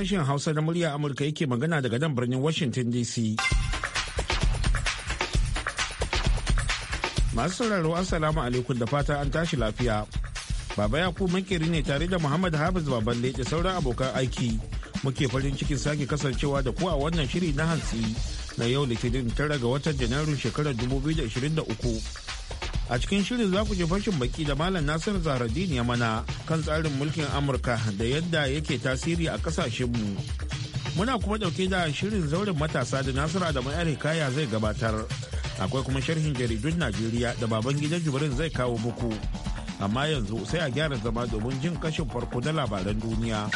Sashen Hausa na murya Amurka yake magana daga nan birnin Washington DC. Masu sauraro Assalamu alaikum da fata an tashi lafiya. Baba Yakubu makeri ne tare da Muhammad Hafiz Baban da sauran abokan aiki. Muke farin cikin sake kasancewa da ku a wannan shiri na hantsi na yau Litinin tara ga watan Janairun shekarar 2023. a cikin shirin za ku ji fashin baki da malam nasir zaradin ya mana kan tsarin mulkin amurka da yadda yake tasiri a kasashenmu muna kuma ɗauke da shirin zauren matasa da nasiru da mai kaya zai gabatar akwai kuma sharhin jaridun najeriya da baban gidan jibrin zai kawo muku amma yanzu sai a gyara zama domin jin kashin farko na labaran duniya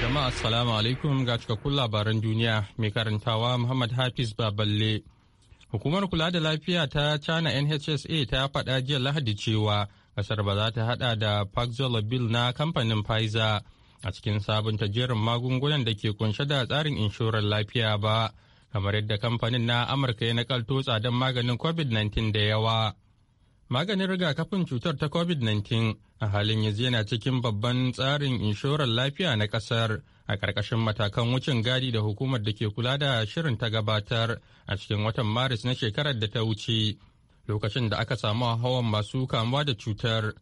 jama'a assalamu alaikum ga cikakkun labaran duniya mai karantawa muhammad hafiz baballe Hukumar kula da lafiya ta China NHSA ta faɗa jiya Lahadi cewa kasar ba za ta hada da Paxlovid na kamfanin Pfizer a cikin sabunta jerin magungunan da ke kunshe da tsarin inshorar lafiya ba, kamar yadda kamfanin na Amurka ya nakalto tsadan maganin COVID-19 da yawa. Maganin rigakafin cutar ta COVID-19 a halin yanzu yana cikin babban tsarin inshorar lafiya na kasar a ƙarƙashin matakan wucin gadi da hukumar da ke kula da shirin ta gabatar a cikin watan Maris na shekarar da ta wuce lokacin da aka samu hawan masu kamuwa da cutar.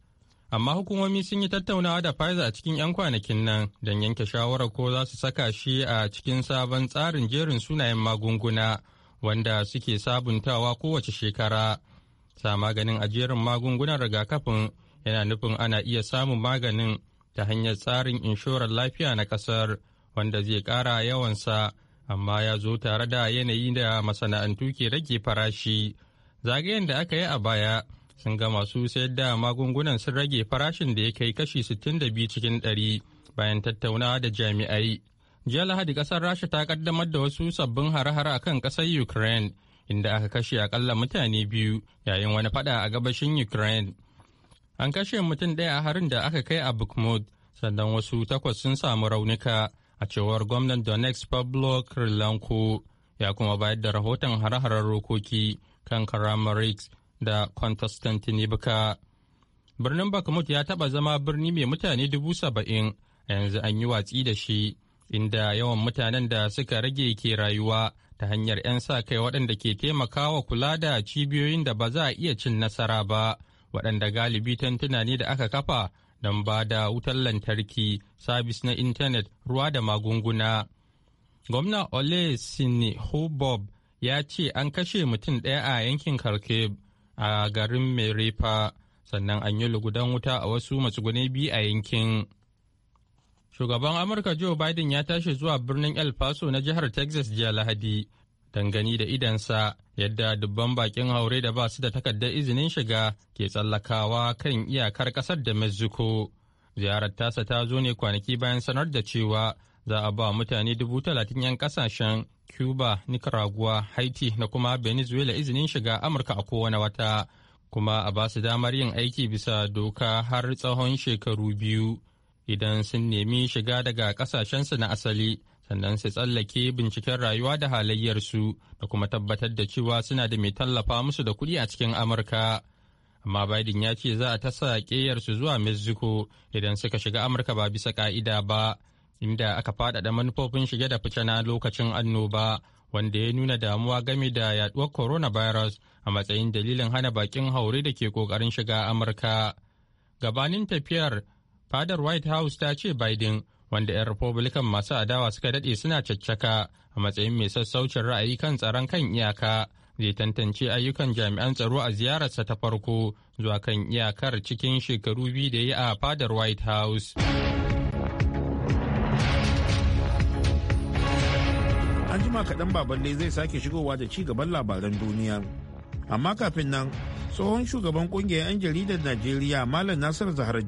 Amma hukumomi sun yi tattaunawa da Pfizer a cikin 'yan kwanakin nan don yanke shawarar ko za su saka shi a cikin sabon tsarin jerin sunayen magunguna wanda suke sabuntawa kowace shekara. sa maganin ajiyar magungunan rigakafin yana nufin ana iya samun maganin ta hanyar tsarin inshorar lafiya na kasar wanda zai ƙara yawansa amma ya zo tare da yanayi da masana'antu ke rage farashi zagayen da aka yi a baya sun ga masu sayar da magungunan sun rage farashin da ya kai kashi 62 cikin 100 bayan tattaunawa da jami'ai jiya lahadi kasar rasha ta kaddamar da wasu sabbin hare-hare a kan kasar ukraine inda aka kashe akalla mutane biyu yayin wani fada a gabashin Ukraine. An kashe mutum ɗaya a harin da aka kai a Bukhmud, sannan wasu takwas sun samu raunuka a cewar gwamnan Donetsk Pablo krilanko ya kuma bayar da rahoton hare harar rokoki kan Karamarix da Constantinople. Birnin bakmut ya taɓa zama birni mai mutane dubu saba'in a yanzu an yi watsi da shi, inda yawan mutanen da suka rage ke rayuwa ta hanyar 'yan sa kai waɗanda ke taimakawa kula da cibiyoyin da ba za a iya cin nasara ba waɗanda galibi tantuna ne da aka kafa don ba da wutar lantarki sabis na intanet ruwa da magunguna gwamna ole sini hubob ya ce an kashe mutum ɗaya a yankin karke a garin merefa sannan an yi lugudan wuta a wasu matsuguni biyu a yankin Shugaban Amurka Joe Biden ya tashi zuwa birnin El Paso na jihar Texas jiya Lahadi, dangane da idansa yadda dubban bakin haure da ba su da takardar izinin shiga ke tsallakawa kan iyakar kasar da Mexico. Ziyarar tasa ta zo ne kwanaki bayan sanar da cewa za a ba mutane dubu talatin 'yan kasashen Cuba, Nicaragua, Haiti na kuma Venezuela izinin shiga Amurka a kowane wata, kuma a ba su damar yin aiki bisa doka har tsawon shekaru biyu. idan sun nemi shiga daga kasashensu na asali sannan su tsallake binciken rayuwa da halayyarsu da kuma tabbatar da cewa suna da mai tallafa musu da kuɗi a cikin amurka amma biden ya ce za a ta sa zuwa mexico idan suka shiga amurka ba bisa ƙa'ida ba inda aka faɗaɗa manufofin shige da fice na lokacin annoba wanda ya nuna damuwa game da yaduwar coronavirus a matsayin dalilin hana bakin haure da ke ƙoƙarin shiga amurka gabanin tafiyar Fadar White House ta ce Biden, wanda 'yan Republican masu adawa suka dade suna caccaka a matsayin mai sassaucin ra'ayi kan tsaron kan iyaka, zai tantance ayyukan jami'an tsaro a ziyararsa ta farko zuwa kan iyakar cikin shekaru biyu da ya a fadar White House. An jima kaɗan baballe zai sake shigowa da ci gaban labaran duniya. Amma kafin nan, tsohon shugaban ƙungiyar 'yan jaridar Najeriya Malam Nasir zahar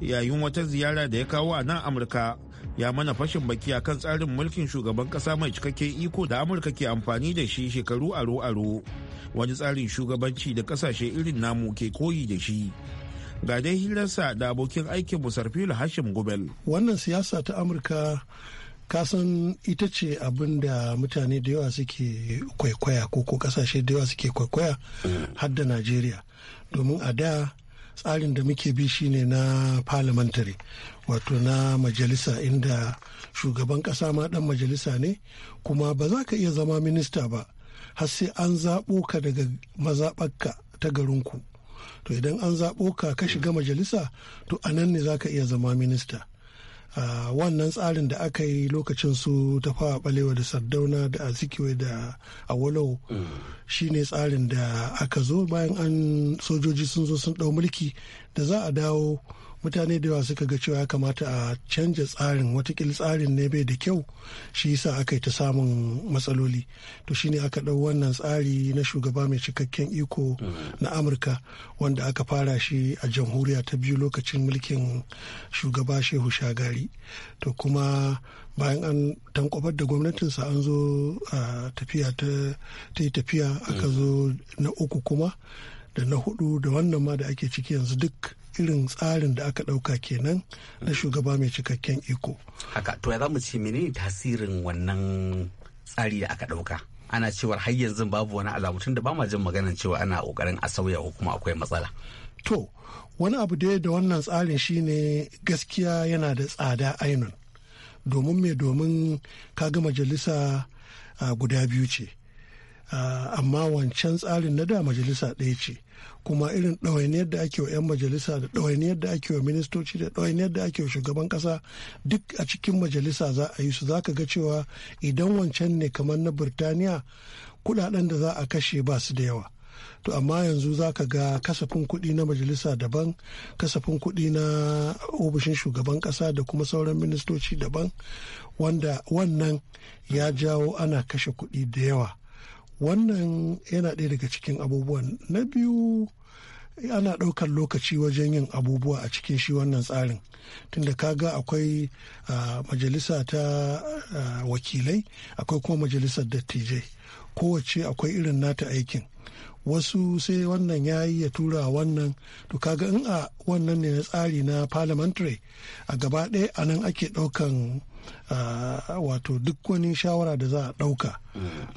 yayin wata ziyara da ya kawo a nan amurka ya mana fashin baki a kan tsarin mulkin shugaban kasa mai cikakken iko da amurka ke amfani da shi shekaru aro-aro wani tsarin shugabanci da kasashe irin namu ke koyi da shi ga dai hirarsa da abokin aikin musarfil hashim gubel wannan siyasa ta amurka kasan ita ce abin da mutane da yawa suke kwaikwaya ko ko kasashe da yawa suke kwaikwaya har da najeriya domin a da tsarin da muke bi shine na parliamentary wato na majalisa inda shugaban kasa ma dan majalisa ne kuma ba za ka iya zama minista ba har sai an zaɓo ka daga mazaɓarka ta garinku to idan an zaɓo ka ka shiga majalisa to a nan ne za ka iya zama minista Uh, wannan tsarin da aka yi lokacin su ta fawa balewa da sardauna da azikiwe da awolowo mm. Shi ne tsarin da aka zo bayan an sojoji sun zo sun ɗau mulki da za a dawo mutane da yawa suka ga cewa ya kamata a canja tsarin watakil tsarin ne bai da kyau shi yasa aka yi ta samun matsaloli to shine aka ɗau wannan tsari na shugaba mai cikakken iko na amurka wanda aka fara shi a jamhuriya ta biyu lokacin mulkin shugaba shehu shagari to kuma bayan an tankobar da gwamnatinsa an zo a tafiya ta yi tafiya aka zo na uku kuma da na hudu da wannan ma da ake ciki yanzu duk irin tsarin da aka dauka kenan na shugaba mai cikakken iko. Haka to ya mu ce menene tasirin wannan tsari da aka dauka? Ana cewar har yanzu babu wani alamu tun da ba ma jin maganar cewa ana kokarin a sauya ko kuma akwai matsala. To wani abu da da wannan tsarin shine gaskiya yana da tsada ainun. domin me domin kaga majalisa ah, guda biyu ce ah, amma wancan tsarin na da majalisa ɗaya ce kuma irin ɗawainiyar da ake wa 'yan majalisa da ɗawainiyar da ake wa ministoci da ɗawainiyar da ake wa shugaban ƙasa duk a cikin majalisa za a yi su za ka ga cewa idan wancan ne kamar na birtaniya kuɗaɗen da za a kashe ba su da yawa to amma yanzu za ka ga kasafin kuɗi na majalisa daban kasafin kuɗi na ofishin shugaban ƙasa da kuma sauran ministoci daban wanda wannan ya jawo ana kashe kuɗi da yawa wannan yana ɗaya daga cikin abubuwan na biyu ana ɗaukar lokaci wajen yin abubuwa a cikin shi wannan tsarin tunda ka ga akwai majalisa ta wakilai akwai kuma majalisar dattijai kowace akwai irin nata aikin wasu sai wannan ya yi ya tura wannan to kaga in a wannan ne na tsari na parliamentary a gaba ɗaya a nan ake ɗaukan wato duk wani shawara da za a ɗauka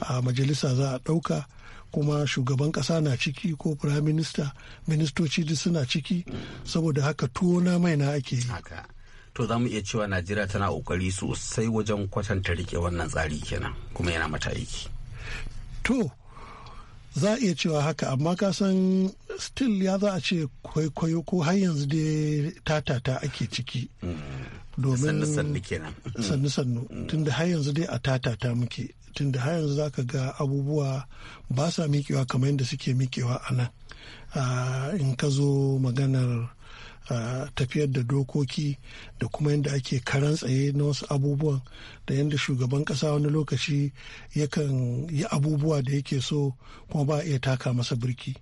a majalisa za a ɗauka kuma shugaban ƙasa na ciki ko prime minister ministoci duk suna ciki saboda haka tuwo na mai na ake yi to za mu iya cewa najeriya tana ƙoƙari sosai wajen kwatanta rike wannan tsari kenan kuma yana mata aiki to za a iya cewa haka amma ka san still ya za a ce kwaikwayo ko har yanzu dai tatata ake ciki mm. domin sannu-sannu mm. tunda har yanzu dai a tatata muke tunda har yanzu zaka ga abubuwa ba sa mikewa kamar yadda suke mikewa a nan ah, in ka zo maganar a tafiyar da dokoki da kuma yadda ake karan tsaye na wasu abubuwan da yadda shugaban kasa wani lokaci yakan yi abubuwa da yake so kuma ba iya taka masa birki.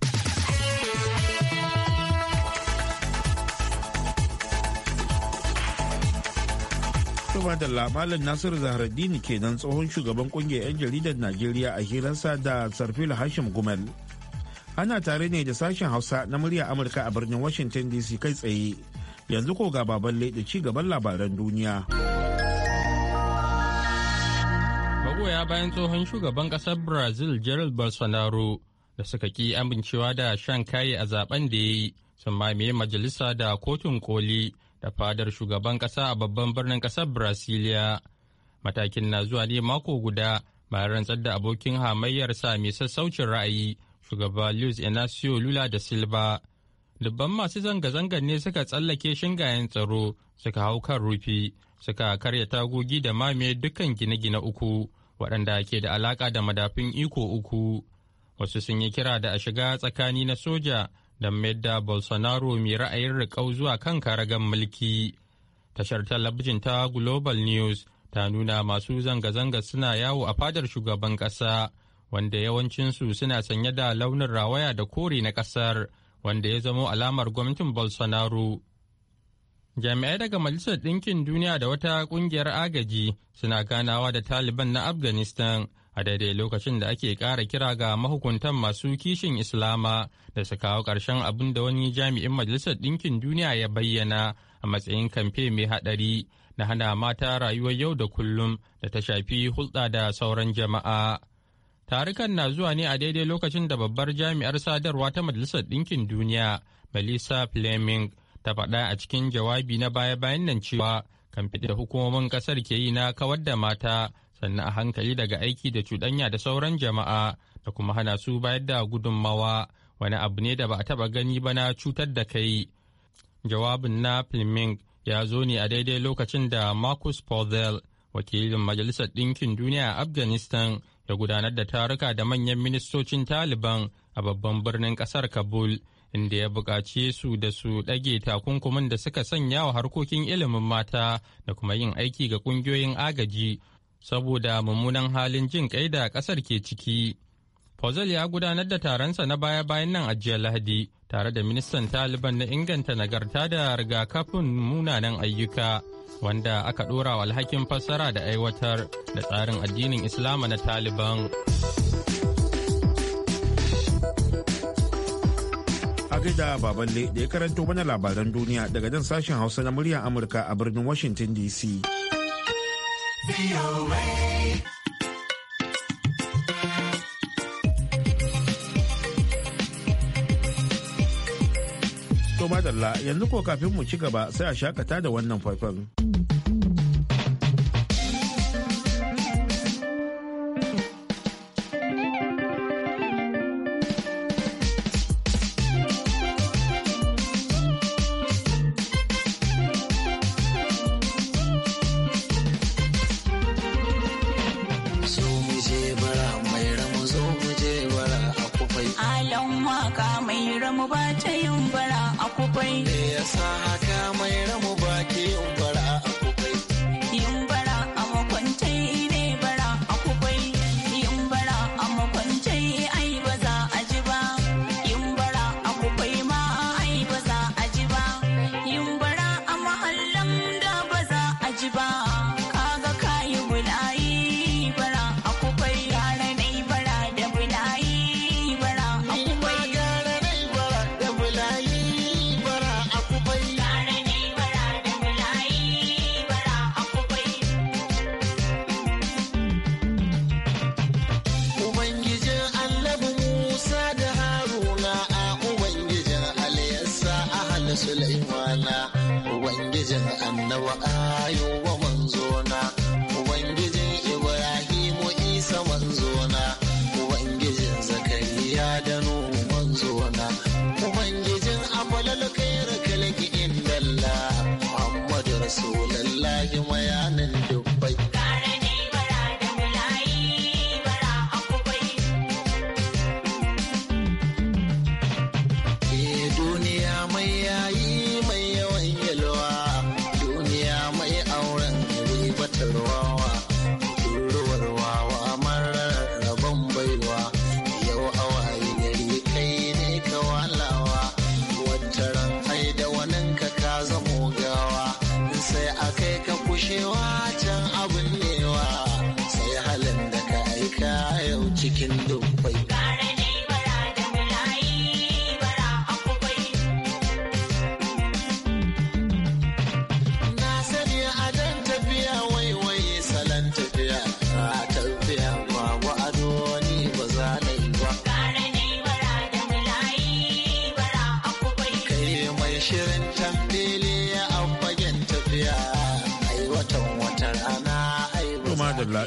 Shugaba da lamalin Nasiru Zahraddini kenan tsohon shugaban kungiyar 'yan jaridar Najeriya a hirarsa da Sarfila Hashim Gumel. ana tare ne da sashen hausa na murya amurka a birnin washington dc kai tsaye yanzu ko ga baban da ci gaban labaran duniya magoya bayan tsohon shugaban kasar brazil gerald bolsonaro da suka ki amincewa da shan kayi a zaben da ya yi sun mamaye majalisa da kotun koli da fadar shugaban kasa a babban birnin kasar brasilia matakin na zuwa ne mako guda bayan rantsar da abokin hamayyarsa mai sassaucin ra'ayi shugaba luis inacio lula da silva dubban masu zanga-zangar ne suka tsallake shingayen tsaro suka hau kan rufi suka karya tagogi da mamaye dukkan gine-gine uku waɗanda ke da alaƙa da madafin iko uku wasu sun yi kira da a shiga tsakani na soja da mayar da bolsonaro mai ra'ayin riƙau zuwa kan karagan mulki tashar talabijin ta global news ta nuna masu zanga-zanga suna yawo a fadar shugaban ƙasa wanda yawancinsu suna sanye da launin rawaya da kore na kasar wanda ya zamo alamar gwamnatin Bolsonaro. Jami'ai daga Majalisar Ɗinkin Duniya da wata ƙungiyar agaji suna ganawa da Taliban na Afghanistan a daidai lokacin da ake ƙara kira ga mahukuntan masu kishin Islama da su kawo ƙarshen abin da wani jami'in Majalisar Ɗinkin Duniya ya bayyana a matsayin kamfe mai haɗari na hana mata rayuwar yau da kullum da ta shafi hulɗa da sauran jama'a. Tarukan na zuwa ne a daidai lokacin da babbar jami'ar sadarwa ta Majalisar Ɗinkin Duniya, Melissa Fleming, ta faɗa a cikin jawabi na baya-bayan nan cewa kan da hukumomin ƙasar ke yi na kawar da mata sannan a hankali daga aiki da cuɗanya da sauran jama'a da kuma hana su bayar da gudunmawa wani abu ne da ba a taɓa gani ba na cutar da kai. Jawabin na Fleming ya zo ne a daidai lokacin da Marcus Pozel, wakilin Majalisar Ɗinkin Duniya a Afghanistan, da gudanar da taruka da manyan ministocin Taliban a babban birnin kasar Kabul, inda ya buƙaci su da su ɗage takunkumin da suka sanya wa harkokin ilimin mata da kuma yin aiki ga ƙungiyoyin agaji saboda mummunan halin jin ƙai da ƙasar ke ciki. Fauzal ya gudanar da taronsa na baya-bayan nan a jiya Lahadi tare da ministan Taliban na inganta nagarta da rigakafin munanan ayyuka. wanda aka ɗora wa alhakin fassara da aiwatar da tsarin addinin Islama na Taliban. A baballe da ya karanto mana labaran duniya daga nan sashen Hausa na muryar Amurka a birnin Washington DC. To yanzu ko kafin mu ci gaba sai a shakata da wannan faifan.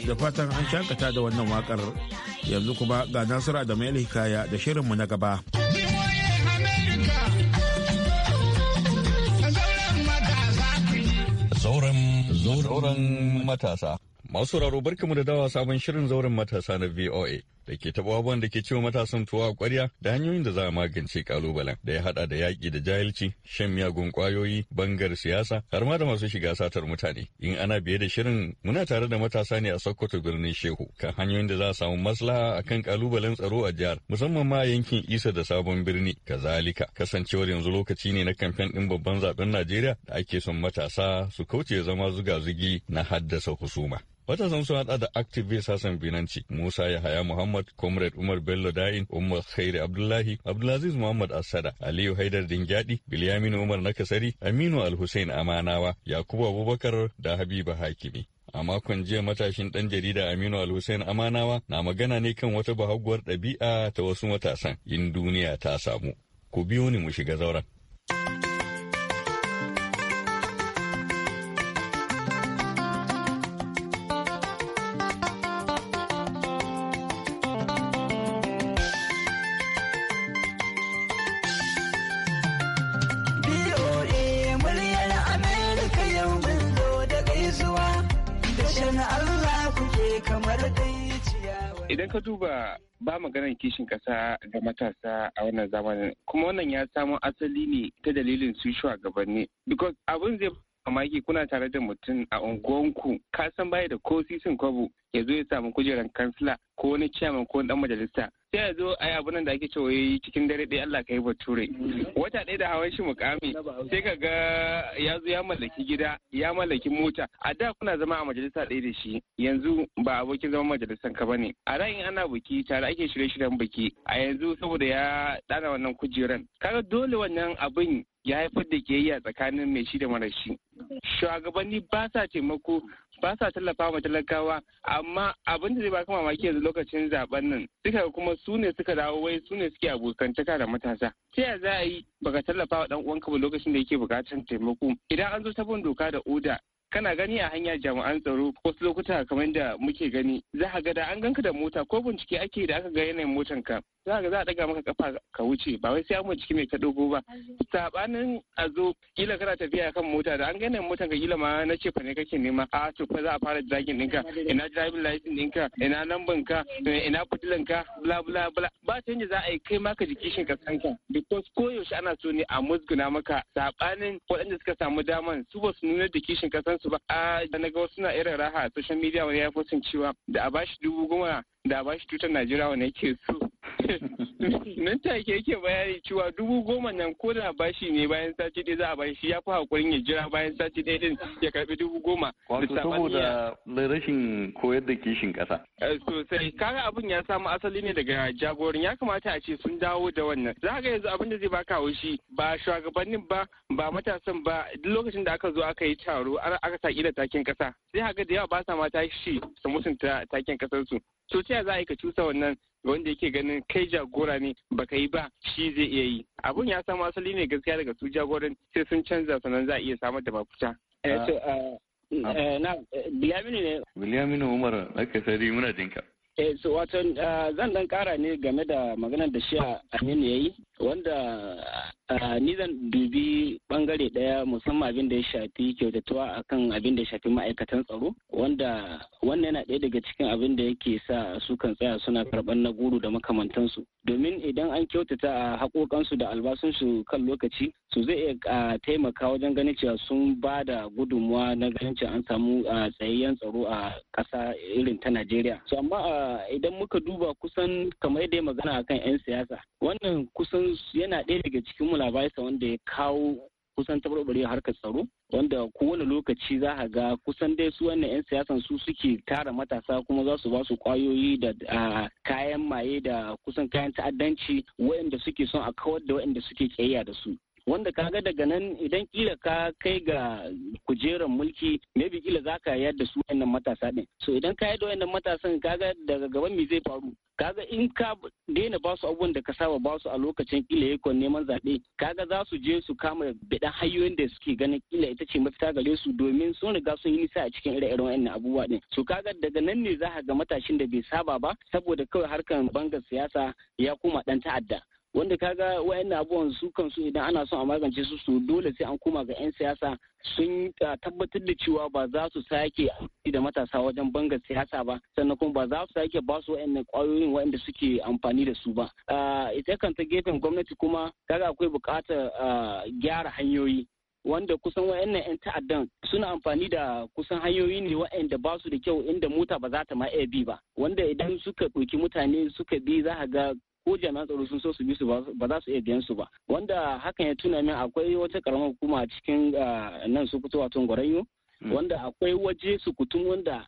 da fatan an shakata da wannan wakar yanzu kuma ga Nasiru da mai hikaya da shirinmu na gaba. Zauren matasa. Masu raro barkamu da dawa sabon shirin zauren matasa na VOA. da ke taɓa abubuwan da ke cewa matasan tuwa a ƙwarya da hanyoyin da za a magance kalubalen da ya haɗa da yaƙi da jahilci, shan miyagun ƙwayoyi, bangar siyasa, har ma da masu shiga satar mutane. In ana biye da shirin muna tare da matasa ne a Sokoto birnin Shehu kan hanyoyin da za a samu maslaha kan kalubalen tsaro a jihar musamman ma yankin Isa da Sabon Birni. Kazalika kasancewar yanzu lokaci ne na kamfen ɗin babban zaben Najeriya da ake son matasa su kauce zama zuga-zugi na haddasa husuma. Matasan sun haɗa da activist Hassan Binanci, Musa Yahaya Muhammad Muhammad, Comrade Umar Bello Da'in, Umar Khairi Abdullahi, Abdulaziz Muhammad Asada, Aliyu Haidar Dingyadi, Bilyamin Umar Nakasari, Aminu al Al-Hussein Amanawa, Yakubu Abubakar da Habiba Hakimi. A makon jiya matashin ɗan jarida Aminu al Al-Hussein Amanawa na magana ne kan wata bahaguwar ɗabi'a ta wasu matasan in duniya ta samu. Ku biyo ni mu shiga zauren. maganar kishin kasa ga matasa a wannan zamanin kuma wannan ya samo asali ne ta dalilin su shugabanni because abin zai mamaki kuna tare da mutum a unguwanku ka san baya da ko sisin kwabo ya zo ya samu kujerar kansila ko wani ciyaman ko wani dan majalisa sai ya zo a yi abunan da ake cewa yi cikin dare ɗaya Allah ka yi bature wata ɗaya da hawan shi mukami sai ka ga ya zo ya mallaki gida ya mallaki mota a da kuna zama a majalisa ɗaya da shi yanzu ba abokin zaman majalisan ka bane a da in ana buki tare ake shirye-shiryen biki a yanzu saboda ya ɗana wannan kujeran kaga dole wannan abin ya haifar da ke yi a tsakanin mai shi da mara shi shugabanni ba sa taimako ba sa tallafa wa talakawa amma abin da zai ba baka mamaki yanzu lokacin zaben nan duka kuma su ne suka dawo wai su ne suke abokantaka da matasa ta ya za a yi baka tallafa wa dan uwanka ba lokacin da yake bukatar taimako idan an zo ta bin doka da oda kana gani a hanya jami'an tsaro wasu lokuta kamar da muke gani za ka ga da an ganka da mota ko bincike ake da aka ga yanayin motan ka za ka za a daga maka kafa ka wuce ba wai sai amma ciki mai ka dogo ba sabanin a zo kila kana tafiya kan mota da an gane motan ka kila ma na ce fa kake nema a to fa za a fara dragin ɗinka ina driving license ɗinka ina lamban ka ina fitilan ka bla bla bla ba yanzu za a yi kai maka jiki shin kaskanka because koyaushe ana so ne a musguna maka sabanin waɗanda suka samu daman su ba su nuna da kishin kasansu ba a na ga wasu na irin raha social media wani ya fi cewa da a bashi dubu goma da a bashi tutar najeriya wani yake so nan take yake bayani cewa dubu goma nan ko da bashi ne bayan sati ɗaya za a bashi ya fi hakurin ya jira bayan sati ɗaya din ya karbi dubu goma. Wato saboda rashin koyar da kishin ƙasa. Eh, sosai kaga abin ya samu asali ne daga jagorin ya kamata a ce sun dawo da wannan. Za ga yanzu abin da zai baka haushi ba shugabannin ba ba matasan ba duk lokacin da aka zo aka yi taro aka saki da takin ƙasa. Sai haka da yawa ba sa ma tashi su mutunta takin ƙasarsu. so ta za a yi ka cusa wannan wanda yake ganin kai jagora ne baka yi ba shi zai iya yi abun ya samu asali ne gaskiya daga su jagoran sai sun canza sannan za a iya samar da mafuta eh, ah. eh, ah. eh, biliyaminu ne umar muna jinka so wato ah, zan dan kara ne game da maganar da shi a ya yi wanda Eh, ni zan dubi bangare daya musamman abin da ya shafi kyautatuwa akan abin da ya shafi ma'aikatan tsaro wanda wannan yana ɗaya daga cikin abin da yake sa su kan tsaya suna karɓar na guru da makamantansu domin idan an kyautata a haƙoƙansu da albasunsu kan lokaci su zai iya eh, taimaka wajen ganin cewa sun ba da gudunmuwa na ganin cewa an samu eh, tsayayyen tsaro a ƙasa irin ta Najeriya. su amma idan muka duba kusan kamar yadda magana akan 'yan siyasa wannan kusan yana ɗaya daga cikin formula wanda ya kawo kusan taɓarɓare harkar tsaro wanda kowane lokaci za a ga kusan dai su wannan 'yan siyasan su suke tara matasa kuma za su ba su kwayoyi da kayan maye da kusan kayan ta'addanci waɗanda suke son a kawar da waɗanda suke kyayya da su wanda kaga daga nan idan kila ka kai ga kujeran mulki maybe kila za ka yadda su wayannan matasa din so idan ka yadda wayannan matasan kaga daga gaban me zai faru kaga in ka daina su abubuwan da ka saba ba su a lokacin kila yakon neman zaɓe kaga za su je su kama bidan hanyoyin da suke ganin kila ita ce mafita gare su domin sun riga sun yi nisa a cikin ire-iren wayannan abubuwa din so kaga daga nan ne za ka ga matashin da bai saba ba saboda kawai harkan bangar siyasa ya koma dan ta'adda wanda kaga wayannan abubuwan su kansu idan ana son a magance su su dole sai an koma ga 'yan siyasa sun tabbatar da cewa ba za su sake da matasa wajen banga siyasa ba sannan kuma ba za su sake ba su wayannan kwayoyin wayanda suke amfani da su ba ita kanta gefen gwamnati kuma kaga akwai bukatar gyara hanyoyi wanda kusan wayannan 'yan ta'addan suna amfani da kusan hanyoyi ne da ba su da kyau inda mota ba za ta ma bi ba wanda idan suka ɗauki mutane suka bi za ga ko na tsaro sun so su bi su ba za su iya biyan su ba wanda hakan ya tuna min akwai wata karamar hukuma cikin ah, nan su fito wato gwaranyo Mm. wanda akwai waje su wanda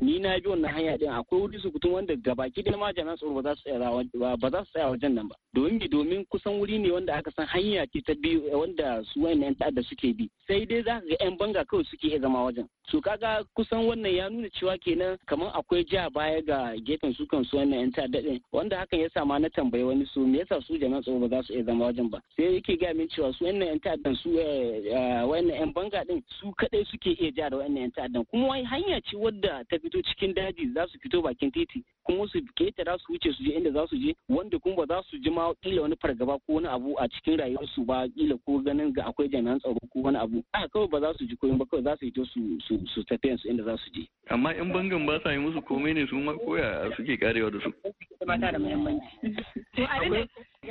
ni na bi wannan hanya din akwai wuri su kutum wanda gabaki da ma jami'an tsaro ba za su tsaya ba za su tsaya wajen nan ba domin bi domin kusan wuri ne wanda aka san hanya ce ta biyu eh, wanda su wayannan ta'adda suke bi sai dai za ka ga yan banga kawai suke iya zama wajen su kaga kusan wannan ya nuna cewa kenan kamar akwai ja baya ga gefen su kan su wani yan ta'adda din wanda hakan sa ma na tambayi wani su me yasa su jami'an tsaro ba za su iya zama wajen ba sai yake ga min cewa su wani yan ta'addan su eh, eh, wayannan yan banga din su kadai suke iya ja da wa'annan 'yan ta'addan kuma wai hanya ce wadda ta fito cikin daji za su fito bakin titi kuma su ketara su wuce su je inda za su je wanda kuma ba za su ji ma kila wani fargaba ko wani abu a cikin rayuwarsu ba kila ko ganin ga akwai jami'an tsaro ko wani abu a kawai ba za su ji koyon ba kawai za su fito su su tafiyan su inda za su je amma yan bangan ba sa yi musu komai ne su ma koya suke karewa da su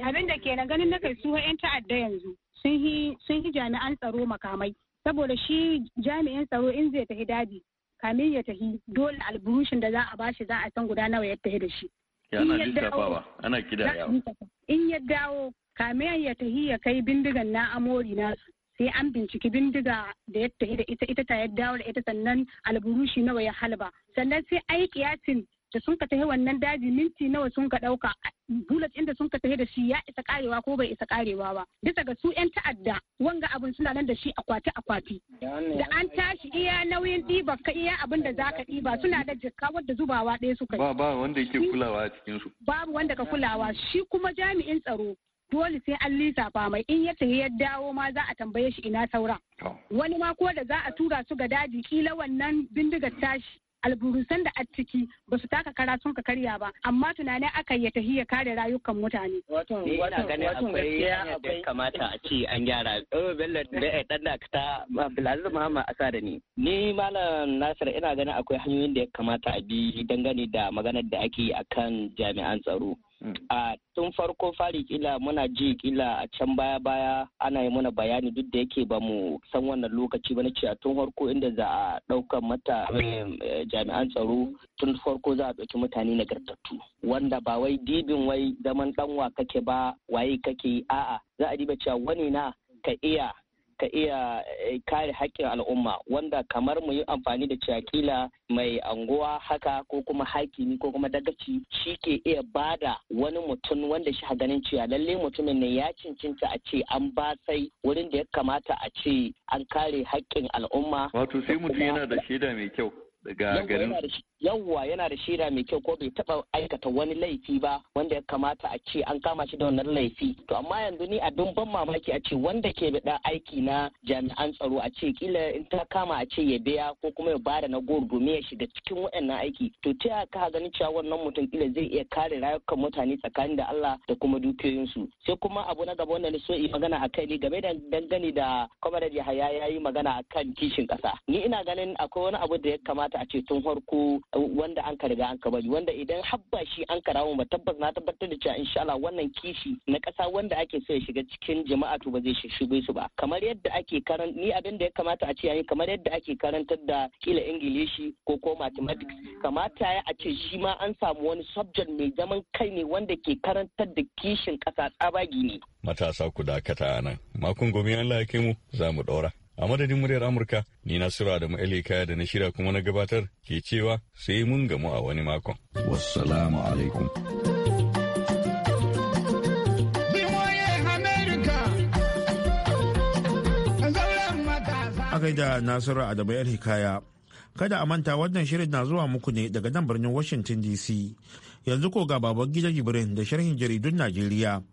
abin da na ganin na kai su 'yan ta'adda yanzu sun yi jami'an tsaro makamai saboda shi jami'in tsaro in zai tafi daji kamin ya tafi dole alburushin da za a bashi za a san guda nawa ya tafi da shi ana in ya dawo kamin ya tafi ya kai bindigan na amori na sai an binciki bindiga da ya tafi da ita ita ta ya dawo da ita sannan alburushi nawa ya halba sannan sai aiki yi da sun ka tahi wannan daji minti nawa sun ka dauka? bullet inda sun ka tahi da shi ya isa karewa ko bai isa karewa ba bisa ga su yan ta'adda wanga abun suna nan da shi akwati akwati da an tashi iya nauyin diba ka iya abin da za ka diba suna da jikka wadda zubawa ɗaya suka ba ba wanda yake kulawa a cikin su babu wanda ka kulawa shi kuma jami'in tsaro dole sai an lissafa mai in ya tafi ya dawo ma za a tambaye shi ina sauran. Wani ma ko da za a tura su ga daji kila wannan bindigar tashi alburusan da a ciki ba su taka kara sun ka karya ba amma tunanin aka ya tafi ya kare rayukan mutane. Wato ina ganin akwai kamata a ce an gyara. Oh, Ni Malam Nasir ina ganin akwai hanyoyin da ya kamata a bi dangane da maganar da ake yi akan jami'an tsaro. a tun farko fari kila muna ji kila a can baya baya ana yi mana bayani duk da yake ba mu san wannan lokaci ba na ce a tun farko inda za a ɗaukan mata eh, jami'an tsaro tun farko za a ɗauki mutane na nagartattu wanda ba wai dibin wai zaman ɗanwa kake ba waye kake a'a za a diba cewa wani na ka iya suka iya eh, kare haƙƙin al'umma wanda kamar mu yi amfani da cakila mai anguwa haka ko kuma hakimi ko kuma dagaci shi ke iya bada wani mutum wanda shi ganin cewa lalle mutumin ne ya cincinta a ce an ba sai wurin da ya kamata a ce an kare haƙƙin al'umma. Wato sai mutum yana da shaida mai kyau. daga garin yawwa yana da shaida mai kyau ko bai taba aikata wani laifi ba wanda ya kamata a ce an kama shi da wannan laifi to amma yanzu ni abin ban mamaki a ce wanda ke da aiki na jami'an tsaro a ce kila in ta kama a ce ya biya ko kuma ya bada na goro domin ya shiga cikin waɗannan aiki to ta ka ganin cewa wannan mutum kila zai iya kare rayukan mutane tsakanin da Allah da kuma dukiyoyinsu sai kuma abu na gaba wanda na so yi magana a kai ne game da dangane da kwamarar Yahaya ya yi magana a kan kishin ƙasa ni ina ganin akwai wani abu da ya kamata kamata a ce tun farko wanda an ka riga an ka bari wanda idan habba shi an karawo ba tabbas na tabbatar da cewa insha Allah wannan kishi na kasa wanda ake so ya shiga cikin jama'a to ba zai shige su ba kamar yadda ake karan ni abin da ya kamata a ce yayi kamar yadda ake karantar da kila ingilishi ko ko mathematics kamata ya a ce shi ma an samu wani subject mai zaman kai ne wanda ke karantar da kishin kasa tsabagi ne matasa ku dakata nan makon gobe Allah ya kai mu za mu A madadin muryar Amurka, ni na sura da ma'ali kaya da na shirya kuma na gabatar ke cewa sai mun gamu a wani makon. Wassalamu alaikum. A gaida Nasiru Adamu yar Hikaya, kada a manta wannan shirin na zuwa muku ne daga nan birnin Washington DC. Yanzu ko ga babban gida Jibrin da sharhin jaridun Najeriya.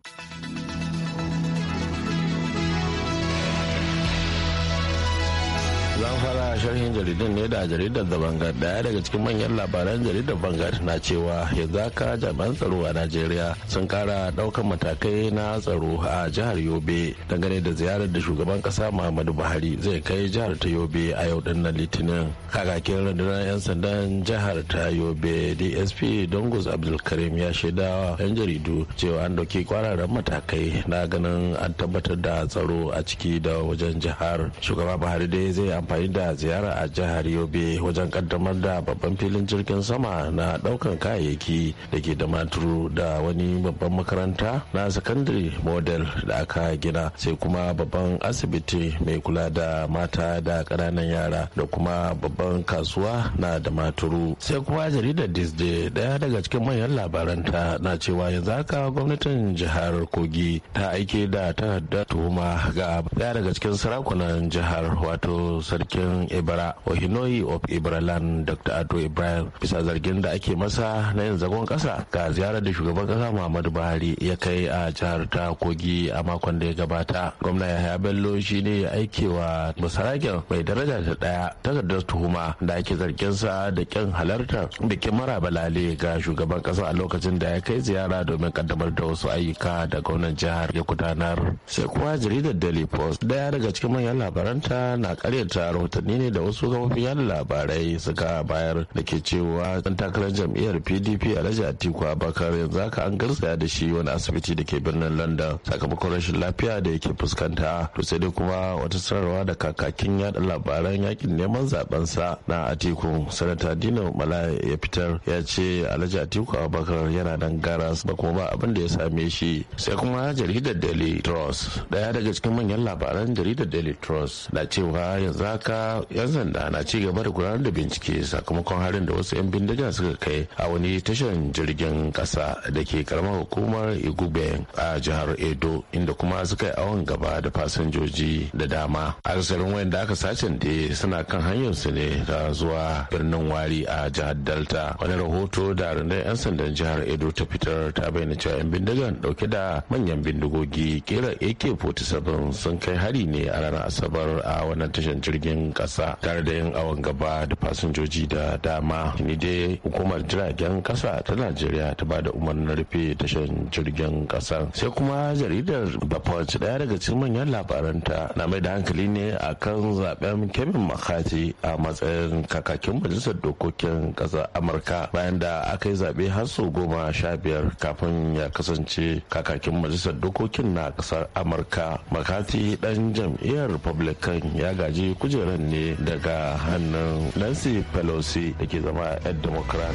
sharhin jaridu ne da jaridar da bangar daya daga cikin manyan labaran jaridar bangar na cewa yanzu haka jami'an tsaro a najeriya sun kara daukan matakai na tsaro a jihar yobe dangane da ziyarar da shugaban kasa muhammadu buhari zai kai jihar ta yobe a yau din na litinin kakakin rundunar yan sandan jihar ta yobe dsp dongus abdulkarim ya shaida yan jaridu cewa an dauki kwararren matakai na ganin an tabbatar da tsaro a ciki da wajen jihar shugaba buhari dai zai amfani da ziyarar ziyara a jihar yobe wajen kaddamar da babban filin jirgin sama na daukan kayayyaki da ke da maturu da wani babban makaranta na secondary model da aka gina sai kuma babban asibiti mai kula da mata da ƙananan yara da kuma babban kasuwa na da maturu sai kuma jaridar disney daya daga cikin manyan labaranta na cewa yanzu haka gwamnatin jihar kogi ta aike da ta tuhuma ga daya daga cikin sarakunan jihar wato sarkin Ibra Ohinoyi of Ibraland Dr. Ado Ibrahim bisa zargin da ake masa na yin zagon kasa ga ziyarar da shugaban kasa Muhammadu Buhari ya kai a jihar ta Kogi a makon da ya gabata. Gwamna Yahaya Bello shi ne ya aike wa Musaragen mai daraja ta daya takardar tuhuma da ake zargin sa da kyan halartar bikin mara balale ga shugaban kasa a lokacin da ya kai ziyara domin kaddamar da wasu ayyuka da gwamnan jihar ya gudanar. Sai kuwa jaridar Daily Post daya daga cikin manyan labaranta na karyata rahotanni ne da wasu kafofin yada labarai suka bayar da ke cewa dan takarar jam'iyyar pdp alhaji atiku abakar yanzu haka an garzaya da shi wani asibiti da ke birnin london sakamakon rashin lafiya da yake fuskanta to sai dai kuma wata sanarwa da kakakin yada labaran yakin neman zaben sa na atiku sanata dino mala ya fitar ya ce alhaji atiku abakar yana nan garas ba kuma ba abin da ya same shi sai kuma jaridar daily trust daya daga cikin manyan labaran jaridar daily trust na cewa yanzu haka yan sanda na ci gaba da gudanar da bincike sakamakon harin da wasu yan bindiga suka kai a wani tashar jirgin kasa da ke karamar hukumar igube a jihar edo inda kuma suka yi awon gaba da fasinjoji da dama akasarin da aka sace da suna kan hanyar su ne ta zuwa birnin wari a jihar delta wani rahoto da rundunar yan sandan jihar edo ta fitar ta bayyana cewa yan bindigan dauke da manyan bindigogi kera ak-47 sun kai hari ne a ranar asabar a wannan tashar jirgin kasa kasa tare da yin awon gaba da fasinjoji da dama ni dai hukumar jiragen kasa ta najeriya ta ba da umarnin rufe tashar jirgin kasa sai kuma jaridar bafawaci daya daga cikin manyan labaranta na mai da hankali ne a kan zaben kevin makati a matsayin kakakin majalisar dokokin kasar amurka bayan da aka yi zaɓe har sau goma sha biyar kafin ya kasance kakakin majalisar dokokin na kasar amurka makati dan jam'iyyar republican ya gaji kujerar ne daga hannun nancy pelosi da ke zama 'yan democrat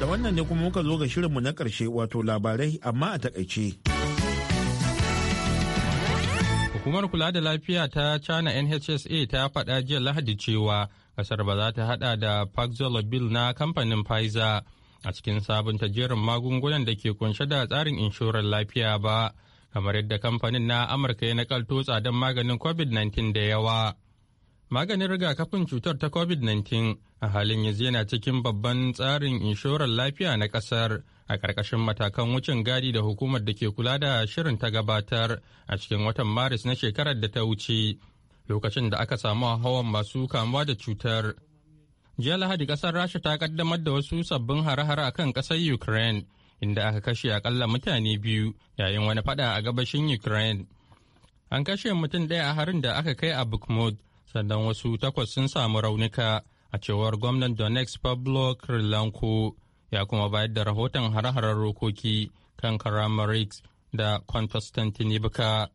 da wannan ne kuma muka zo ga shirinmu na karshe wato labarai amma a takaice hukumar kula da lafiya ta china nhsa ta faɗa jiya lahadi cewa kasar ba za ta hada da paxlovid na kamfanin pfizer a cikin sabunta jerin magungunan da ke kunshe da tsarin inshorar lafiya ba kamar yadda kamfanin na amurka ya nakalto tsadan maganin covid-19 da yawa maganin rigakafin cutar ta covid-19 a halin yanzu yana cikin babban tsarin inshorar lafiya na kasar a ƙarƙashin matakan wucin gadi da hukumar da ke kula da shirin ta gabatar a cikin watan maris na shekarar da ta wuce lokacin da aka samu hawan masu kamuwa da cutar jiya lahadi kasar rasha ta kaddamar da wasu sabbin hare-hare akan kan ƙasar ukraine inda aka kashe akalla mutane biyu yayin wani fada a gabashin Ukraine. An kashe mutum ɗaya a harin da aka kai a bukmod sannan wasu takwas sun samu raunuka a cewar gwamnan Donetsk Pablo krilanko ya kuma bayar da rahoton hare harar rokoki kan Karamarix da Constantinople.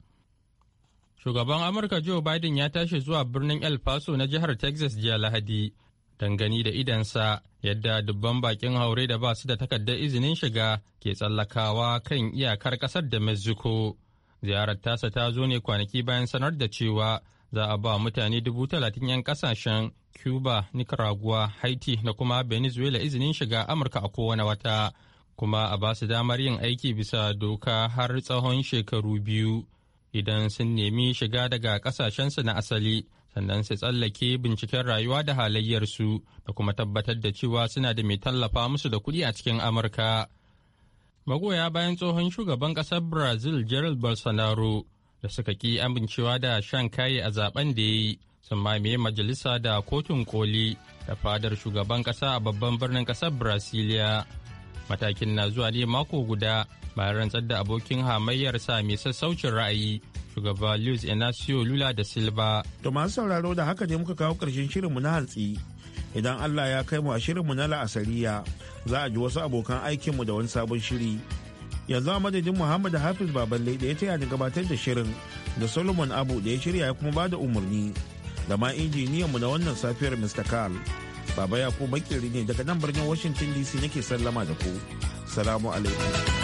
Shugaban Amurka Joe Biden ya tashi zuwa birnin El Paso na jihar Texas jiya Lahadi dangani da idansa yadda dubban bakin haure da ba su da takardar izinin shiga ke tsallakawa kan iyakar kasar da mexico ziyarar tasa ta zo ne kwanaki bayan sanar da cewa za a ba mutane dubu talatin 'yan kasashen cuba nicaragua haiti na kuma venezuela izinin shiga amurka a kowane wata kuma a ba su damar yin aiki bisa doka har tsawon shekaru biyu idan sun nemi shiga daga kasashensu na asali sannan su tsallake binciken rayuwa da halayyarsu da kuma tabbatar da cewa suna da mai tallafa musu da kuɗi a cikin amurka magoya bayan tsohon shugaban ƙasar brazil gerald bolsonaro da suka ƙi amincewa da shan kayi a zaben da ya yi sun mamaye majalisa da kotun koli da fadar shugaban ƙasa a babban birnin ƙasar brasilia matakin na zuwa ne mako guda bayan rantsar da abokin hamayyarsa mai sassaucin ra'ayi shugaba Luis Inacio Lula da Silva. To masu sauraro da haka ne muka kawo ƙarshen shirinmu na hantsi. Idan Allah ya kai mu a shirinmu na la'asariya za a ji wasu abokan aikinmu da wani sabon shiri. Yanzu a madadin Muhammad Hafiz Baballe da ya taya ni gabatar da shirin da Solomon Abu da ya shirya ya kuma bada umarni da ma injiniyan mu na wannan safiyar Mr. Carl. Baba ya ko Bakiri ne daga nan birnin Washington DC nake sallama da ku. Salamu alaikum.